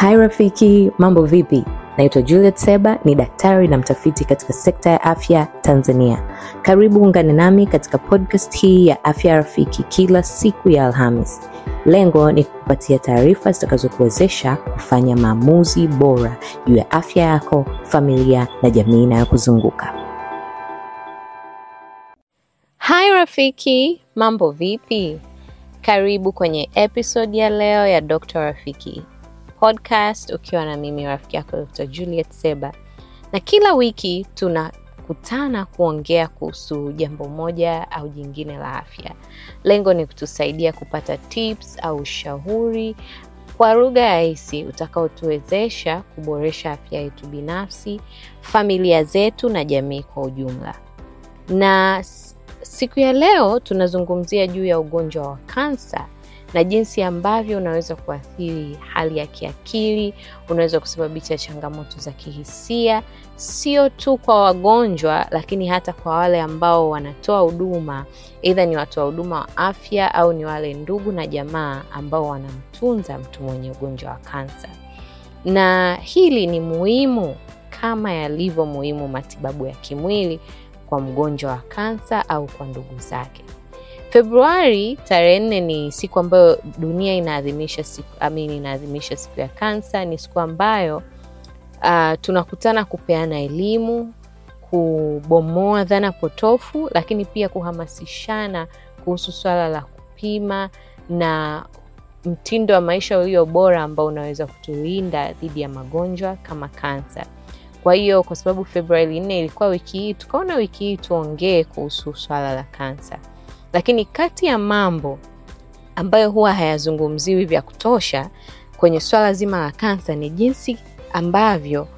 Hai rafiki, mambo vipi? Naitwa Juliet Seba, ni daktari na mtafiti katika sekta ya afya Tanzania. Karibu ungane nami katika podcast hii ya Afya Rafiki kila siku ya Alhamis. Lengo ni kukupatia taarifa zitakazokuwezesha kufanya maamuzi bora juu ya afya yako, familia na jamii inayokuzunguka. Hai rafiki, mambo vipi? Karibu kwenye episode ya leo ya Dokta Rafiki podcast ukiwa na mimi rafiki yako Dr. Juliet Seba, na kila wiki tunakutana kuongea kuhusu jambo moja au jingine la afya. Lengo ni kutusaidia kupata tips au ushauri kwa lugha ya hisi utakaotuwezesha kuboresha afya yetu binafsi, familia zetu na jamii kwa ujumla. Na siku ya leo tunazungumzia juu ya ugonjwa wa kansa na jinsi ambavyo unaweza kuathiri hali ya kiakili, unaweza kusababisha changamoto za kihisia, sio tu kwa wagonjwa, lakini hata kwa wale ambao wanatoa huduma, aidha ni watoa huduma wa afya au ni wale ndugu na jamaa ambao wanamtunza mtu mwenye ugonjwa wa kansa. Na hili ni muhimu kama yalivyo muhimu matibabu ya kimwili kwa mgonjwa wa kansa au kwa ndugu zake. Februari tarehe nne ni siku ambayo dunia inaadhimisha siku, amini, inaadhimisha siku ya kansa. Ni siku ambayo uh, tunakutana kupeana elimu, kubomoa dhana potofu, lakini pia kuhamasishana kuhusu swala la kupima na mtindo wa maisha ulio bora ambao unaweza kutulinda dhidi ya magonjwa kama kansa. Kwa hiyo kwa sababu Februari nne ilikuwa wiki hii, tukaona wiki hii tuongee kuhusu swala la kansa. Lakini kati ya mambo ambayo huwa hayazungumziwi vya kutosha kwenye swala zima la kansa ni jinsi ambavyo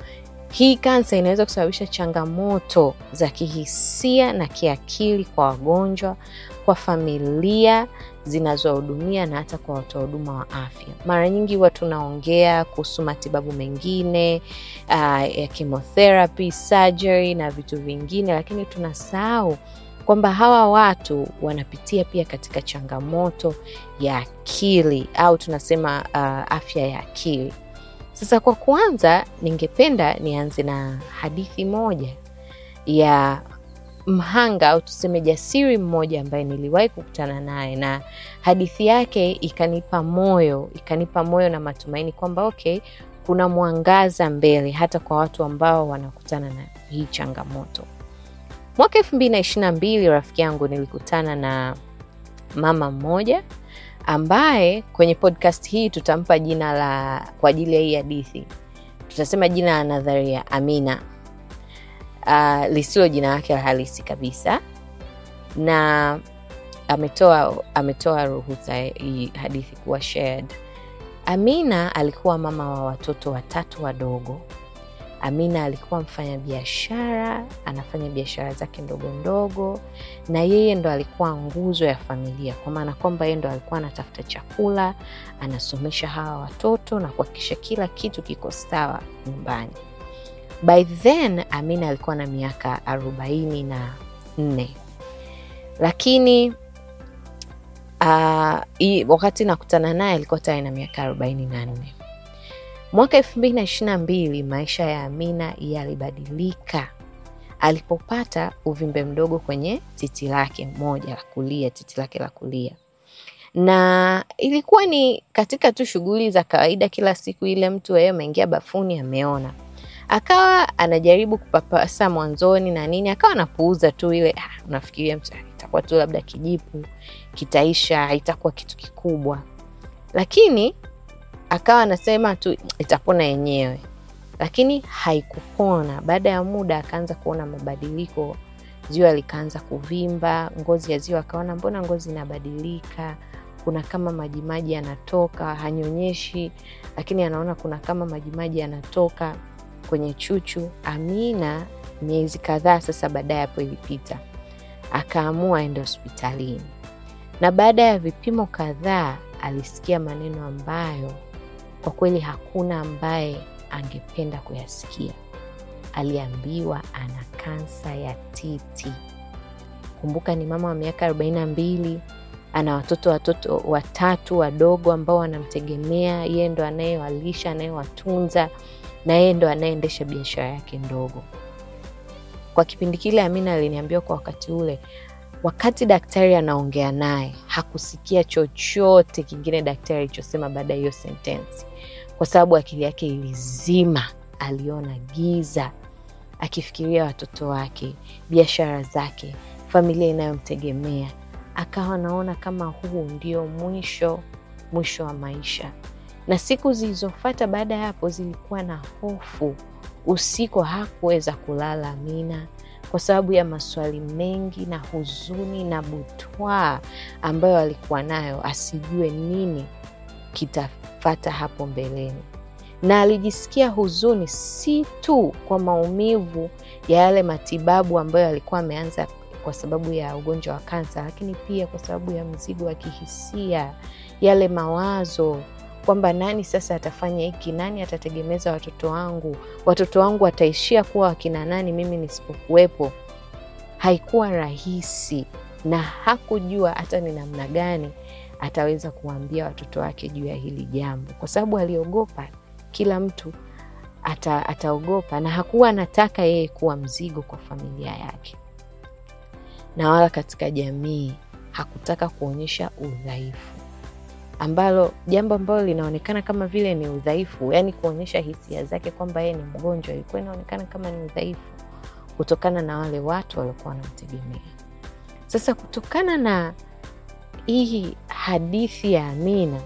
hii kansa inaweza kusababisha changamoto za kihisia na kiakili kwa wagonjwa, kwa familia zinazohudumia na hata kwa watoa huduma wa afya. Mara nyingi huwa tunaongea kuhusu matibabu mengine uh, ya chemotherapy, surgery na vitu vingine, lakini tunasahau kwamba hawa watu wanapitia pia katika changamoto ya akili au tunasema uh, afya ya akili. Sasa kwa kwanza, ningependa nianze na hadithi moja ya mhanga au tuseme jasiri mmoja ambaye niliwahi kukutana naye, na hadithi yake ikanipa moyo, ikanipa moyo na matumaini kwamba okay, kuna mwangaza mbele hata kwa watu ambao wanakutana na hii changamoto. Mwaka elfu mbili na ishirini na mbili rafiki yangu, nilikutana na mama mmoja ambaye kwenye podcast hii tutampa jina la, kwa ajili ya hii hadithi tutasema jina la nadharia Amina, uh, lisilo jina lake la halisi kabisa, na ametoa ametoa ruhusa hii hadithi kuwa shared. Amina alikuwa mama wa watoto watatu wadogo Amina alikuwa mfanyabiashara, anafanya biashara zake ndogo ndogo, na yeye ndo alikuwa nguzo ya familia, kwa maana kwamba yeye ndo alikuwa anatafuta chakula, anasomesha hawa watoto na kuhakikisha kila kitu kiko sawa nyumbani. By then Amina alikuwa na miaka arobaini na nne lakini uh, i, wakati nakutana naye alikuwa tayari na miaka arobaini na nne. Mwaka elfu mbili na ishirini na mbili maisha ya Amina yalibadilika alipopata uvimbe mdogo kwenye titi lake moja la kulia, titi lake la kulia, na ilikuwa ni katika tu shughuli za kawaida kila siku. Ile mtu yeye ameingia bafuni ameona, akawa anajaribu kupapasa mwanzoni na nini, akawa anapuuza tu ile. Ah, unafikiria mtu itakuwa tu labda kijipu, kitaisha, itakuwa kitu kikubwa, lakini akawa anasema tu itapona yenyewe, lakini haikupona. Baada ya muda akaanza kuona mabadiliko, ziwa likaanza kuvimba, ngozi ya ziwa akaona mbona ngozi inabadilika, kuna kama majimaji yanatoka, hanyonyeshi, lakini anaona kuna kama majimaji yanatoka kwenye chuchu. Amina miezi kadhaa sasa baadaye hapo ilipita, akaamua aende hospitalini, na baada ya vipimo kadhaa alisikia maneno ambayo kwa kweli hakuna ambaye angependa kuyasikia. Aliambiwa ana kansa ya titi. Kumbuka ni mama wa miaka arobaini na mbili, ana watoto watoto watatu wadogo ambao wanamtegemea yeye, ndo anayewalisha anayewatunza, na yeye ndo anayeendesha biashara yake ndogo. Kwa kipindi kile, Amina aliniambiwa kwa wakati ule, wakati daktari anaongea naye hakusikia chochote kingine daktari alichosema baada ya hiyo sentensi kwa sababu akili yake ilizima. Aliona giza akifikiria watoto wake, biashara zake, familia inayomtegemea, akawa anaona kama huu ndio mwisho, mwisho wa maisha. Na siku zilizofuata baada ya hapo zilikuwa na hofu. Usiku hakuweza kulala Amina kwa sababu ya maswali mengi na huzuni na butwaa ambayo alikuwa nayo, asijue nini kitafata hapo mbeleni. Na alijisikia huzuni si tu kwa maumivu ya yale matibabu ambayo alikuwa ameanza kwa sababu ya ugonjwa wa kansa, lakini pia kwa sababu ya mzigo wa kihisia, yale mawazo kwamba nani sasa atafanya hiki, nani atategemeza watoto wangu, watoto wangu wataishia kuwa wakina nani mimi nisipokuwepo. Haikuwa rahisi na hakujua hata ni namna gani ataweza kuwaambia watoto wake juu ya hili jambo, kwa sababu aliogopa. Kila mtu ata, ataogopa na hakuwa anataka yeye kuwa mzigo kwa familia yake na wala katika jamii. Hakutaka kuonyesha udhaifu, ambalo jambo ambalo linaonekana kama vile ni udhaifu, yaani kuonyesha hisia zake kwamba yeye ni mgonjwa, ilikuwa inaonekana kama ni udhaifu kutokana na wale watu waliokuwa wanamtegemea. Sasa kutokana na hii hadithi ya Amina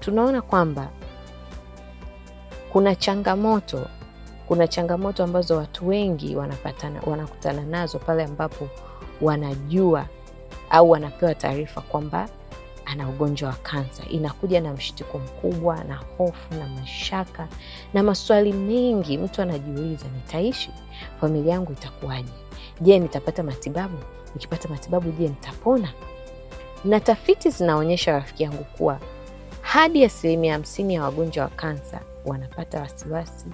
tunaona kwamba kuna changamoto, kuna changamoto ambazo watu wengi wanapatana, wanakutana nazo pale ambapo wanajua au wanapewa taarifa kwamba ana ugonjwa wa kansa. Inakuja na mshtuko mkubwa na hofu na mashaka na maswali mengi. Mtu anajiuliza, nitaishi? Familia yangu itakuwaje? Je, nitapata matibabu? Nikipata matibabu, je, nitapona? na tafiti zinaonyesha rafiki yangu kuwa hadi asilimia hamsini ya wagonjwa wa kansa wanapata wasiwasi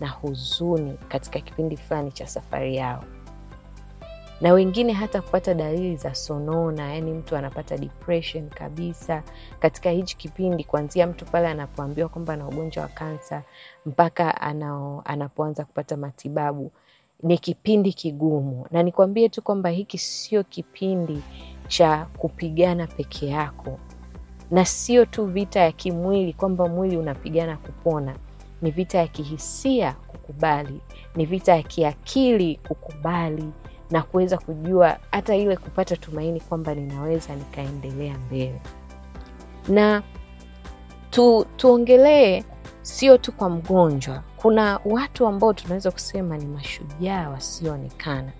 na huzuni katika kipindi fulani cha safari yao, na wengine hata kupata dalili za sonona, yaani mtu anapata depression kabisa katika hichi kipindi, kuanzia mtu pale anapoambiwa kwamba ana ugonjwa wa kansa mpaka anapoanza kupata matibabu. Ni kipindi kigumu, na nikuambie tu kwamba hiki sio kipindi cha kupigana peke yako, na sio tu vita ya kimwili kwamba mwili unapigana kupona. Ni vita ya kihisia kukubali, ni vita ya kiakili kukubali na kuweza kujua hata ile kupata tumaini kwamba ninaweza nikaendelea mbele. Na tu, tuongelee sio tu kwa mgonjwa. Kuna watu ambao tunaweza kusema ni mashujaa wasioonekana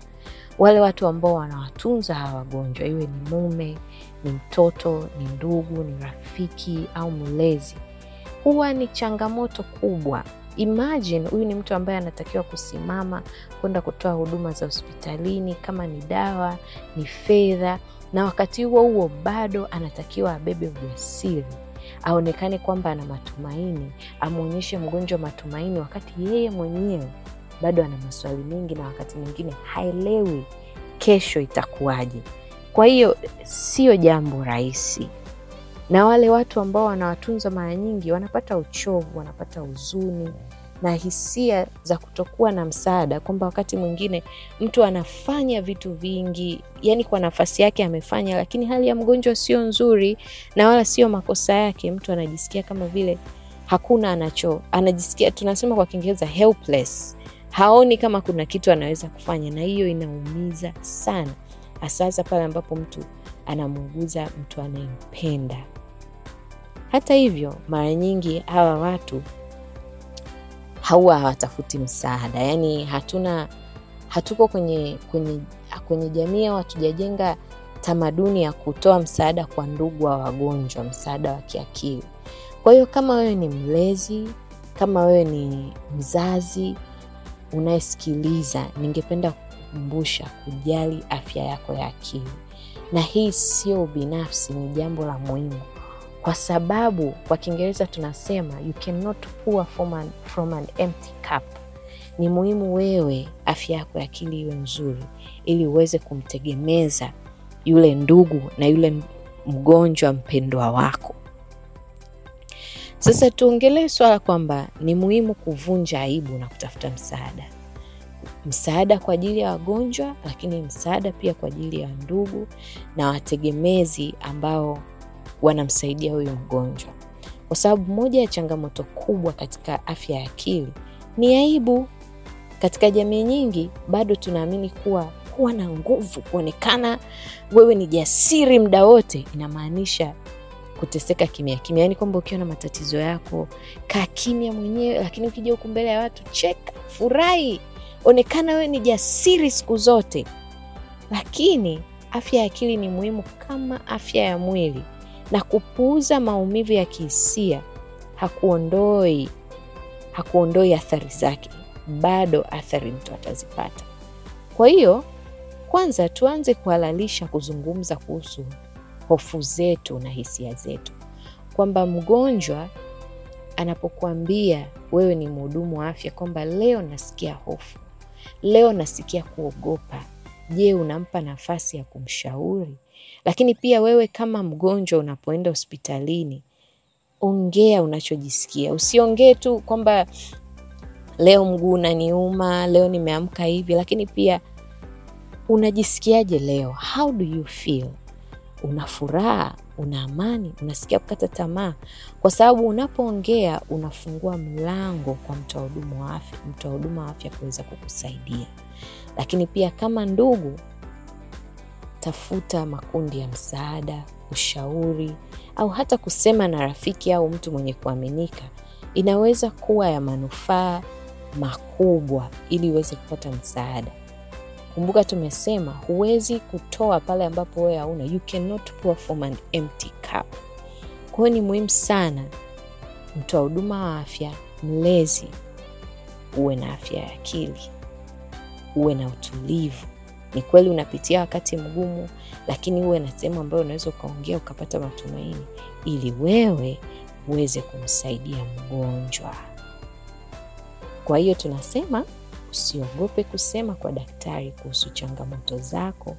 wale watu ambao wanawatunza hawa wagonjwa, iwe ni mume, ni mtoto, ni ndugu, ni rafiki au mlezi, huwa ni changamoto kubwa. Imagine huyu ni mtu ambaye anatakiwa kusimama kwenda kutoa huduma za hospitalini, kama ni dawa, ni fedha, na wakati huo huo bado anatakiwa abebe ujasiri aonekane kwamba ana matumaini, amwonyeshe mgonjwa matumaini, wakati yeye mwenyewe bado ana maswali mengi, na wakati mwingine haelewi kesho itakuwaje. Kwa hiyo sio jambo rahisi, na wale watu ambao wanawatunza mara nyingi wanapata uchovu, wanapata huzuni na hisia za kutokuwa na msaada, kwamba wakati mwingine mtu anafanya vitu vingi, yani kwa nafasi yake amefanya, lakini hali ya mgonjwa sio nzuri na wala sio makosa yake. Mtu anajisikia kama vile hakuna anacho, anajisikia tunasema kwa Kiingereza helpless, haoni kama kuna kitu anaweza kufanya, na hiyo inaumiza sana, hasahasa pale ambapo mtu anamuuguza mtu anayempenda. Hata hivyo, mara nyingi hawa watu haua hawatafuti msaada, yaani hatuna hatuko kwenye, kwenye, kwenye jamii au hatujajenga tamaduni ya kutoa msaada kwa ndugu wa wagonjwa, msaada wa kiakili. Kwa hiyo kama wewe ni mlezi, kama wewe ni mzazi unayesikiliza, ningependa kukumbusha kujali afya yako ya akili, na hii sio binafsi, ni jambo la muhimu kwa sababu kwa Kiingereza tunasema you cannot pour from an, from an empty cup. Ni muhimu wewe afya yako ya akili iwe nzuri, ili uweze kumtegemeza yule ndugu na yule mgonjwa mpendwa wako. Sasa tuongelee swala kwamba ni muhimu kuvunja aibu na kutafuta msaada, msaada kwa ajili ya wagonjwa, lakini msaada pia kwa ajili ya ndugu na wategemezi ambao wanamsaidia huyu mgonjwa, kwa sababu moja ya changamoto kubwa katika afya ya akili ni aibu. Katika jamii nyingi bado tunaamini kuwa kuwa na nguvu, kuonekana wewe ni jasiri muda wote, inamaanisha kuteseka kimya kimya, yani kwamba ukiwa na matatizo yako kaa kimya mwenyewe, lakini ukija huku mbele ya watu cheka, furahi, onekana wewe ni jasiri siku zote. Lakini afya ya akili ni muhimu kama afya ya mwili, na kupuuza maumivu ya kihisia hakuondoi hakuondoi athari zake, bado athari mtu atazipata. Kwa hiyo kwanza tuanze kuhalalisha kuzungumza kuhusu hofu zetu na hisia zetu, kwamba mgonjwa anapokuambia wewe ni mhudumu wa afya kwamba leo nasikia hofu, leo nasikia kuogopa, je, unampa nafasi ya kumshauri? Lakini pia wewe kama mgonjwa unapoenda hospitalini, ongea unachojisikia, usiongee tu kwamba leo mguu unaniuma, leo nimeamka hivi, lakini pia unajisikiaje leo, how do you feel? una furaha, una amani, unasikia kukata tamaa, kwa sababu unapoongea unafungua mlango kwa mtoa huduma wa afya, mtoa huduma wa afya kuweza kukusaidia. Lakini pia kama ndugu, tafuta makundi ya msaada, ushauri, au hata kusema na rafiki au mtu mwenye kuaminika, inaweza kuwa ya manufaa makubwa, ili uweze kupata msaada. Kumbuka tumesema huwezi kutoa pale ambapo wewe hauna, you cannot pour from an empty cup. Kwa ni muhimu sana mtoa huduma wa afya, mlezi, uwe na afya ya akili, uwe na utulivu. Ni kweli unapitia wakati mgumu, lakini uwe na sehemu ambayo unaweza ukaongea ukapata matumaini, ili wewe uweze kumsaidia mgonjwa. Kwa hiyo tunasema Usiogope kusema kwa daktari kuhusu changamoto zako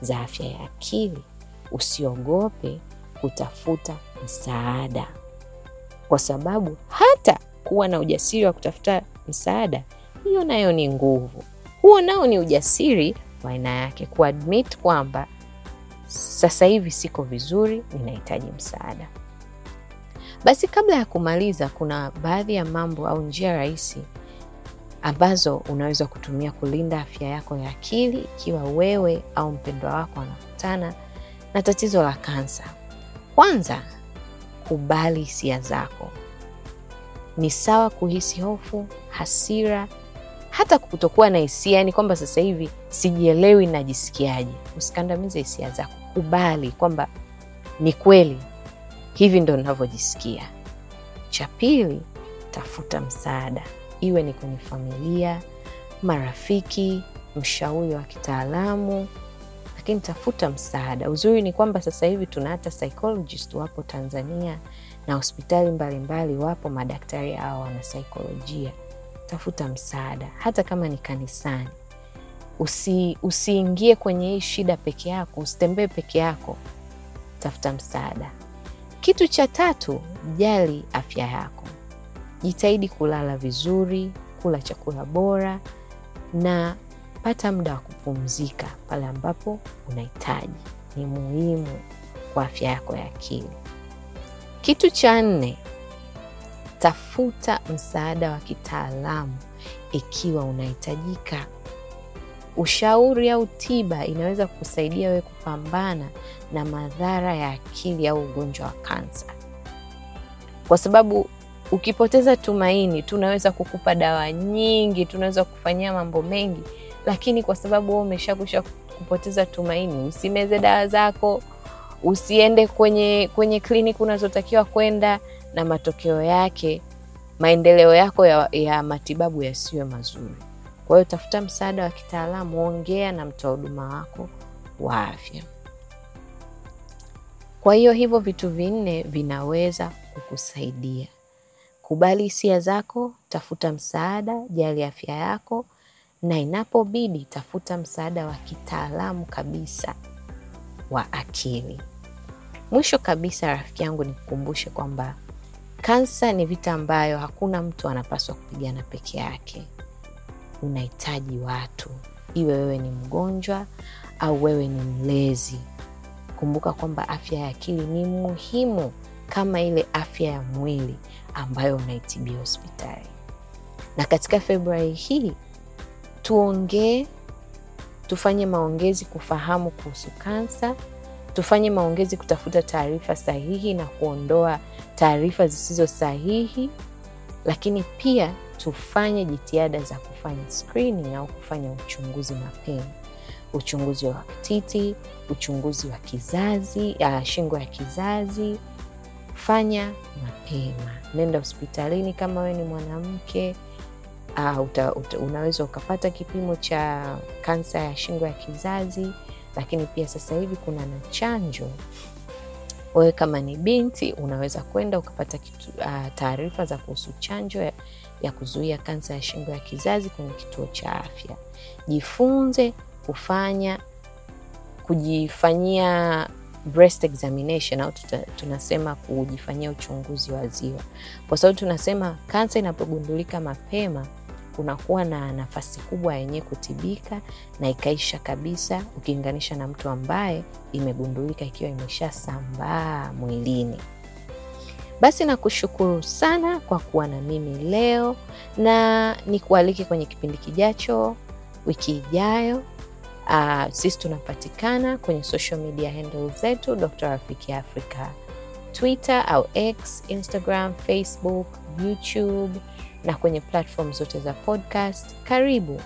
za afya ya akili. Usiogope kutafuta msaada, kwa sababu hata kuwa na ujasiri wa kutafuta msaada, hiyo nayo ni nguvu. Huo nao ni ujasiri wa aina yake, kuadmit kwamba sasa hivi siko vizuri, ninahitaji msaada. Basi kabla ya kumaliza, kuna baadhi ya mambo au njia rahisi ambazo unaweza kutumia kulinda afya yako ya akili ikiwa wewe au mpendwa wako anakutana na tatizo la kansa. Kwanza, kubali hisia zako. Ni sawa kuhisi hofu, hasira, hata kutokuwa na hisia, yani kwamba sasa hivi sijielewi, najisikiaje. Usikandamize hisia zako, kubali kwamba ni kweli hivi ndo navyojisikia Cha pili, tafuta msaada iwe ni kwenye familia, marafiki, mshauri wa kitaalamu, lakini tafuta msaada. Uzuri ni kwamba sasa hivi tuna hata psychologist wapo Tanzania na hospitali mbalimbali wapo madaktari hawa wanasaikolojia. Tafuta msaada, hata kama ni kanisani. Usi, usiingie kwenye hii shida peke yako, usitembee peke yako, tafuta msaada. Kitu cha tatu, jali afya yako. Jitahidi kulala vizuri, kula chakula bora na pata muda wa kupumzika pale ambapo unahitaji. Ni muhimu kwa afya yako ya akili. Kitu cha nne, tafuta msaada wa kitaalamu ikiwa unahitajika. Ushauri au tiba inaweza kusaidia wewe kupambana na madhara ya akili au ugonjwa wa kansa, kwa sababu Ukipoteza tumaini, tunaweza kukupa dawa nyingi, tunaweza kufanyia mambo mengi, lakini kwa sababu wewe umeshakusha kupoteza tumaini, usimeze dawa zako, usiende kwenye kwenye kliniki unazotakiwa kwenda, na matokeo yake maendeleo yako ya, ya matibabu yasiwe mazuri. Kwa hiyo tafuta msaada wa kitaalamu, ongea na mtoa huduma wako wa afya. Kwa hiyo hivyo vitu vinne vinaweza kukusaidia. Kubali hisia zako, tafuta msaada, jali afya yako, na inapobidi tafuta msaada wa kitaalamu kabisa wa akili. Mwisho kabisa, rafiki yangu, nikukumbushe kwamba kansa ni vita ambayo hakuna mtu anapaswa kupigana peke yake. Unahitaji watu, iwe wewe ni mgonjwa au wewe ni mlezi. Kumbuka kwamba afya ya akili ni muhimu kama ile afya ya mwili ambayo unaitibia hospitali. Na katika Februari hii tuongee, tufanye maongezi kufahamu kuhusu kansa, tufanye maongezi kutafuta taarifa sahihi na kuondoa taarifa zisizo sahihi, lakini pia tufanye jitihada za kufanya screening au kufanya uchunguzi mapema, uchunguzi wa titi, uchunguzi wa kizazi, ah, shingo ya kizazi fanya mapema, nenda hospitalini kama wewe ni mwanamke uh, uta, uta, unaweza ukapata kipimo cha kansa ya shingo ya kizazi, lakini pia sasa hivi kuna na chanjo. Wewe kama ni binti unaweza kwenda ukapata uh, taarifa za kuhusu chanjo ya, ya kuzuia kansa ya shingo ya kizazi kwenye kituo cha afya. Jifunze kufanya kujifanyia breast examination au tunasema kujifanyia uchunguzi wa ziwa, kwa sababu tunasema kansa inapogundulika mapema kunakuwa na nafasi kubwa yenyewe kutibika na ikaisha kabisa, ukilinganisha na mtu ambaye imegundulika ikiwa imeshasambaa mwilini. Basi nakushukuru sana kwa kuwa na mimi leo, na nikualike kwenye kipindi kijacho wiki ijayo. Uh, sisi tunapatikana kwenye social media handle zetu Dr. Rafiki Africa, Twitter au X, Instagram, Facebook, YouTube na kwenye platform zote za podcast. Karibu,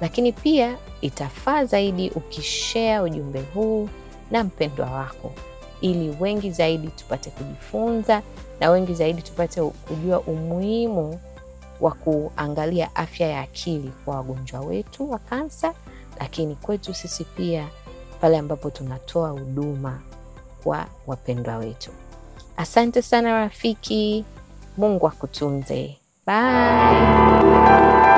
lakini pia itafaa zaidi ukishare ujumbe huu na mpendwa wako, ili wengi zaidi tupate kujifunza na wengi zaidi tupate kujua umuhimu wa kuangalia afya ya akili kwa wagonjwa wetu wa kansa lakini kwetu sisi pia pale ambapo tunatoa huduma kwa wapendwa wetu. Asante sana rafiki, Mungu akutunze. Bye.